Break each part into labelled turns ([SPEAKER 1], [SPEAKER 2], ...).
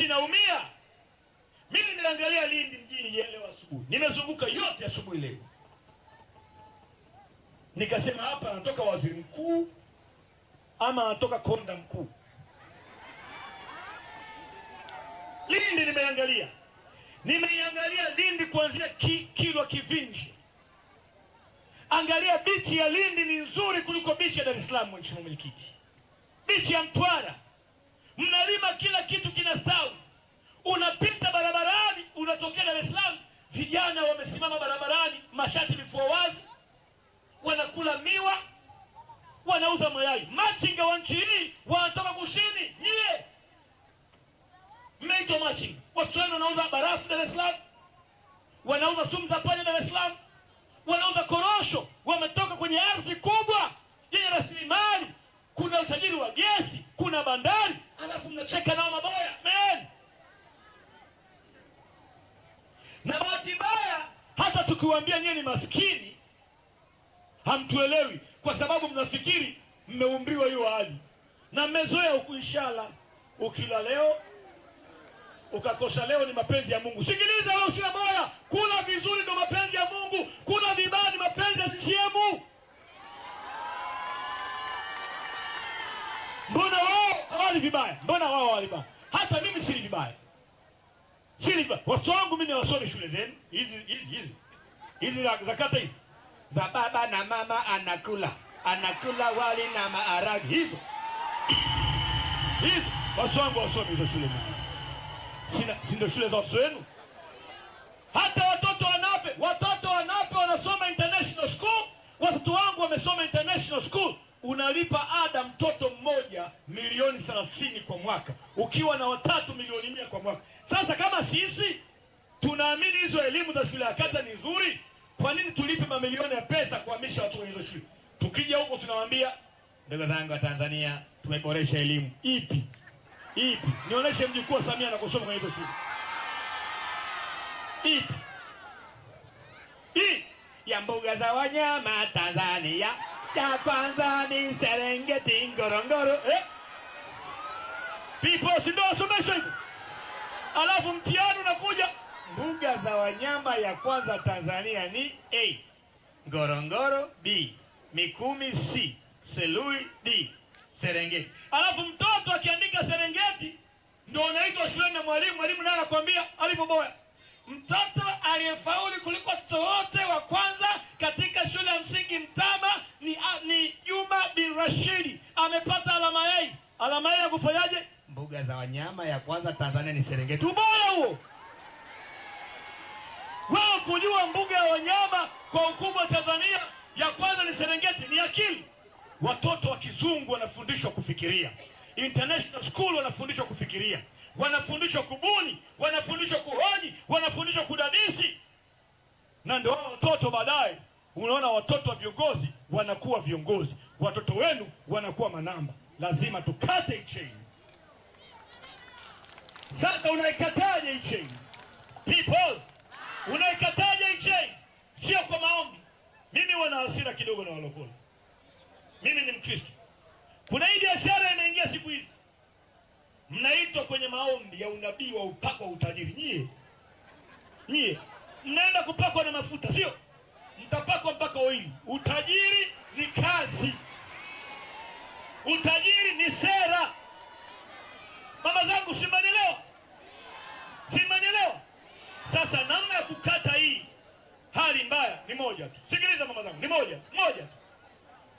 [SPEAKER 1] nchi Mimi nimeangalia Lindi mjini yeye leo asubuhi, nimezunguka yote asubuhi leo, nikasema hapa anatoka waziri mkuu ama anatoka konda mkuu. Lindi nimeangalia, nimeiangalia Lindi kuanzia ki, Kilwa Kivinje. Angalia bichi ya Lindi ni nzuri kuliko bichi ya Dar es Salaam, mheshimiwa mwenyekiti. Bichi ya Mtwara mnalima kila kitu kinastawi. Unapita barabarani, unatokea Dar es Salaam, vijana wamesimama barabarani, mashati vifua wazi, wanakula miwa, wanauza mayai. Machinga wa nchi hii wanatoka kusini, nyie mmeitwa machinga. Watu wenu wanauza barafu Dar es Salaam, wanauza sumu za panya Dar es Salaam, wanauza korosho, wametoka kwenye ardhi kubwa yenye rasilimali. Kuna utajiri wa gesi, kuna bandari tunacheka nao mabaya man. Na bahati mbaya hata tukiwaambia nyie ni maskini hamtuelewi, kwa sababu mnafikiri mmeumbiwa hiyo hali na mmezoea huku. Inshallah, ukila leo ukakosa leo, ni mapenzi ya Mungu. Sikiliza wewe, usina bora, kula vizuri, ndo mapenzi ya Mungu. Kula vibaya ni mapenzi ya CCM. wali vibaya, mbona wao wali vibaya? Hata mimi sili vibaya, sili vibaya. Watoto wangu mimi nawasomi shule zenu hizi hizi hizi hizi za kata hizi za baba na mama, anakula anakula wali na maharage hizo hizo, watoto wangu wasomi hizo shule sina, si shule za watoto wenu? Hata watoto wanape, watoto wanape wanasoma international school, watoto wangu wamesoma international school unalipa ada mtoto mmoja milioni thelathini kwa mwaka, ukiwa na watatu milioni mia kwa mwaka. Sasa kama sisi tunaamini hizo elimu za shule ya kata ni nzuri, kwa nini tulipe mamilioni ya pesa kuhamisha watu kwenye hizo shule? Tukija huko tunawaambia, ndugu zangu wa Tanzania, tumeboresha elimu. Ipi ipi? Nionyeshe mjukuu wa Samia anakosoma kwenye hizo shule ipi? Hii ya mbuga za wanyama Tanzania Kapanzani, Serengeti, Ngorongoro eh? People, si ndio hivyo? Alafu mtihani unakuja, mbuga za wanyama ya kwanza Tanzania ni A Ngorongoro, B Mikumi, C Selui, D Serengeti. Alafu mtoto akiandika Serengeti ndio anaitwa shuleni na mwalimu, mwalimu naye anakuambia alipo boya. Mtoto aliyefaulu kuliko mtoto wote wa kwanza katika shule ya msingi Mtama Rashidi amepata alama yai, alama yai ya kufanyaje? Mbuga za wanyama ya kwanza Tanzania ni Serengeti. Ubora huo wewe kujua mbuga ya wanyama kwa ukubwa Tanzania ya kwanza ni Serengeti ni akili. Watoto wa kizungu wanafundishwa kufikiria, international school wanafundishwa kufikiria, wanafundishwa kubuni, wanafundishwa kuhoji, wanafundishwa kudadisi, na ndio watoto baadaye, unaona watoto wa viongozi wanakuwa viongozi watoto wenu wanakuwa manamba. Lazima tukate icheni chain. Sasa unaikataje hii chain? People, unaikataje chain? Sio kwa maombi. Mimi wana hasira kidogo na walokole. Mimi ni Mkristo. Kuna hii biashara inaingia siku hizi, mnaitwa kwenye maombi ya unabii wa upako wa utajiri. Nyie nyie mnaenda kupakwa na mafuta, sio? Mtapakwa mpaka oili. Utajiri ni kazi. Utajiri ni sera. Mama zangu, simanielewa, simanielewa. Sasa namna ya kukata hii hali mbaya ni moja tu. Sikiliza mama zangu, ni moja moja tu,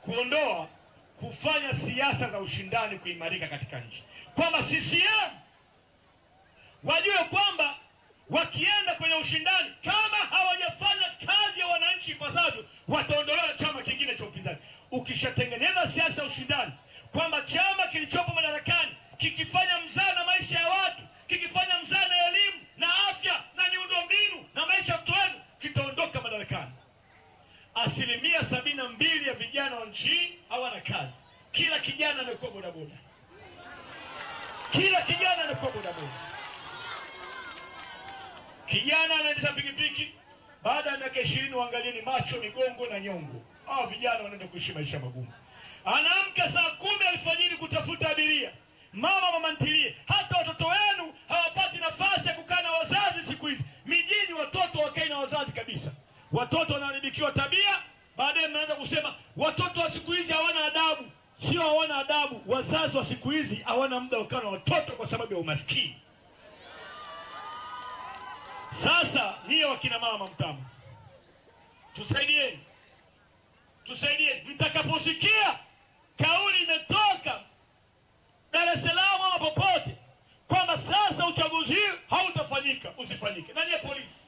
[SPEAKER 1] kuondoa kufanya siasa za ushindani kuimarika katika nchi, kwamba CCM wajue kwamba wakienda kwenye ushindani kama hawajafanya kazi ya wananchi ipasavyo, wataondolewa chama kingine cha upinzani. Ukishatengeneza siasa ya ushindani kwamba chama kilichopo madarakani kikifanya mzaa na maisha ya watu, kikifanya mzaa na elimu na afya na miundombinu na maisha ya mtu wenu, kitaondoka madarakani. Asilimia sabini na mbili ya vijana wa nchi hii hawana kazi. Kila kijana amekuwa bodaboda, kila kijana amekuwa bodaboda. Kijana anaendesha pikipiki, baada ya miaka ishirini, uangalieni macho, migongo na nyongo. Hawa vijana wanaenda kuishi maisha magumu anaamka saa kumi alfajiri kutafuta abiria. Mama mama ntilie, hata watoto wenu hawapati nafasi ya kukaa na wazazi siku hizi mijini, watoto wakai na wazazi kabisa. Watoto wanaharibikiwa tabia, baadaye mnaanza kusema watoto wa siku hizi hawana adabu. Sio hawana adabu, wazazi wa siku hizi hawana muda wa kukaa na watoto kwa sababu ya umaskini. Sasa niye wakina mama mtama, tusaidieni, tusaidieni mtakaposikia kauli imetoka Dar es Salaam ama popote kwamba sasa uchaguzi huu hautafanyika, usifanyike. Na nyie polisi,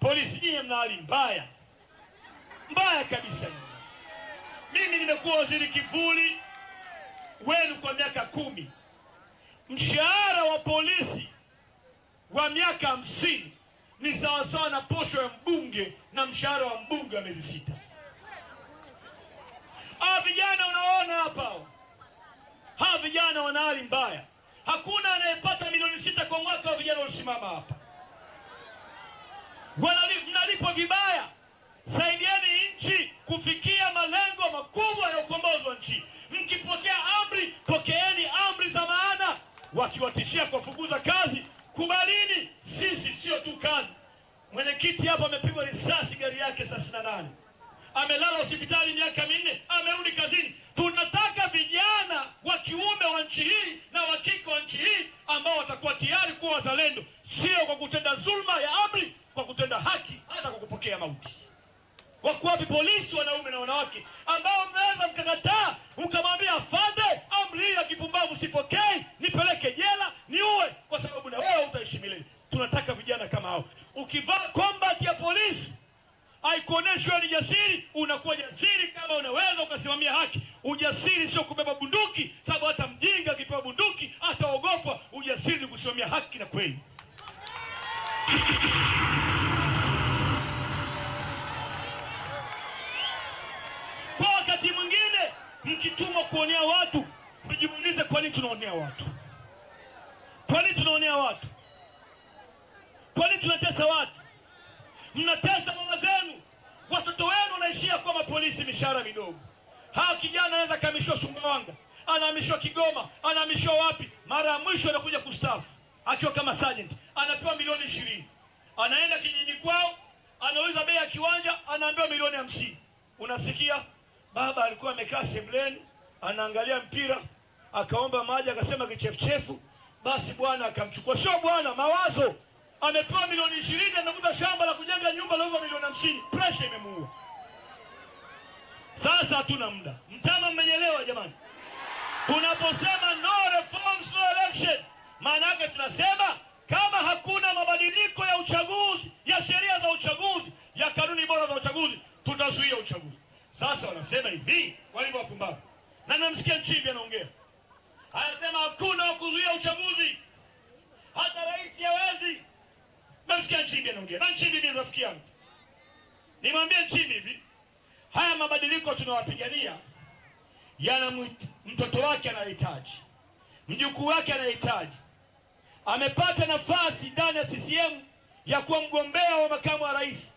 [SPEAKER 1] polisi nyie mna hali mbaya mbaya kabisa. Mimi nimekuwa waziri kivuli wenu kwa miaka kumi. Mshahara wa polisi wa miaka hamsini ni sawasawa na posho ya mbunge na mshahara wa mbunge wa miezi sita. Hawa vijana unaona hapa, hawa vijana wana hali mbaya. Hakuna anayepata milioni sita kwa mwaka wa vijana wanasimama hapa, wanalipwa vibaya. Saidieni nchi. kiume wa nchi hii na wa kike wa nchi hii ambao watakuwa tayari kuwa wazalendo, sio kwa kutenda dhulma ya amri, kwa kutenda haki, hata kwa kupokea mauti. Wako wapi polisi wanaume na wanawake ambao mnaweza mkakataa ukamwambia afadhali, amri hii ya kipumbavu sipokei, nipeleke jela niue, kwa sababu na wewe utaheshimiliwa. Tunataka vijana kama hao. Ukivaa combat ya polisi haikuoneshwa ni jasiri, unakuwa jasiri kama unaweza ukasimamia haki. Ujasiri sio kubeba bunduki, sababu hata mjinga akipewa bunduki ataogopa. Ujasiri ni kusimamia haki na kweli. Kwa wakati mwingine mkitumwa kuonea watu, mjiulize, kwa nini tunaonea watu? Kwa nini tunaonea watu? Kwa nini tunatesa watu? Mnatesa mama zenu, watoto wenu wanaishia kwa mapolisi, mishahara midogo hao kijana anaweza kamishwa Sumbawanga, anahamishwa Kigoma, anahamishwa wapi. Mara ya mwisho anakuja kustaafu akiwa kama sergeant, anapewa milioni ishirini. Anaenda kijiji kwao, anauliza bei ya kiwanja, anaambiwa milioni hamsini. Unasikia baba alikuwa amekaa sebleni anaangalia mpira, akaomba maji, akasema kichefuchefu. Basi bwana akamchukua, sio bwana, mawazo. Amepewa milioni ishirini, anakuta shamba la kujenga nyumba lauza milioni hamsini. Presha imemuua. Sasa hatuna muda, mtama, mmenyelewa jamani? Tunaposema no reforms no election, maana yake tunasema kama hakuna mabadiliko ya uchaguzi, ya sheria za uchaguzi, ya kanuni bora za uchaguzi, tutazuia uchaguzi. Sasa wanasema hivi walivyo wapumbavu, na namsikia Nchimbi anaongea anasema hakuna kuzuia uchaguzi, hata rais hawezi. Namsikia Nchimbi anaongea na Nchimbi ni rafiki yangu, nimwambie Nchimbi hivi Haya mabadiliko tunawapigania yana mtoto wake anahitaji, mjukuu wake anahitaji. Amepata nafasi ndani ya CCM ya kuwa mgombea wa makamu wa rais.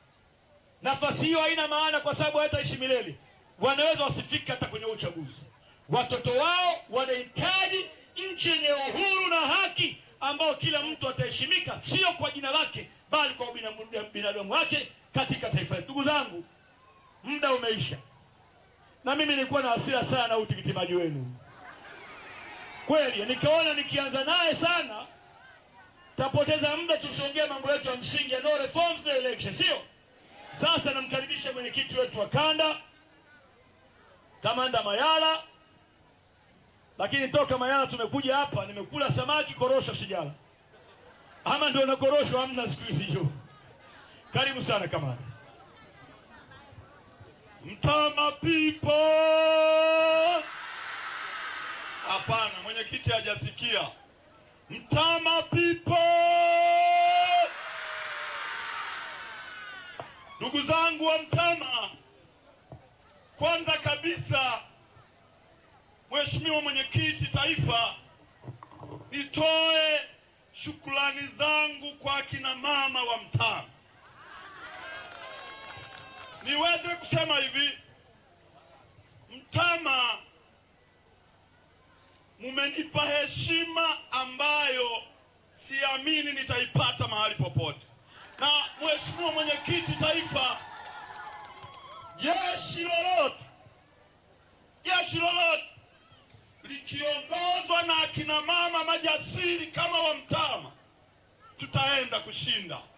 [SPEAKER 1] Nafasi hiyo haina maana kwa sababu hataishi milele, wanaweza wasifike hata kwenye uchaguzi. Watoto wao wanahitaji nchi yenye uhuru na haki, ambao kila mtu ataheshimika, sio kwa jina lake, bali kwa binadamu wake katika taifa letu. Ndugu zangu muda umeisha, na mimi nilikuwa na hasira sana na utikiti maji wenu kweli, nikaona nikianza naye sana tapoteza muda, tusiongee mambo yetu ya msingi ya no reforms no election, sio? Sasa namkaribisha mwenyekiti wetu wa kanda Kamanda Mayala, lakini toka Mayala tumekuja hapa, nimekula samaki, korosho sijala, ama ndio na korosho amna siku hizi. Karibu sana kamanda. Mtama people. Hapana, mwenyekiti hajasikia. Mtama pipo. Ndugu zangu wa Mtama, kwanza kabisa, Mheshimiwa mwenyekiti taifa, nitoe shukrani zangu kwa kina mama wa Mtama niweze kusema hivi, Mtama, mumenipa heshima ambayo siamini nitaipata mahali popote. Na mheshimiwa mwenyekiti taifa, jeshi lolote jeshi lolote likiongozwa na akina mama majasiri kama wa Mtama, tutaenda kushinda.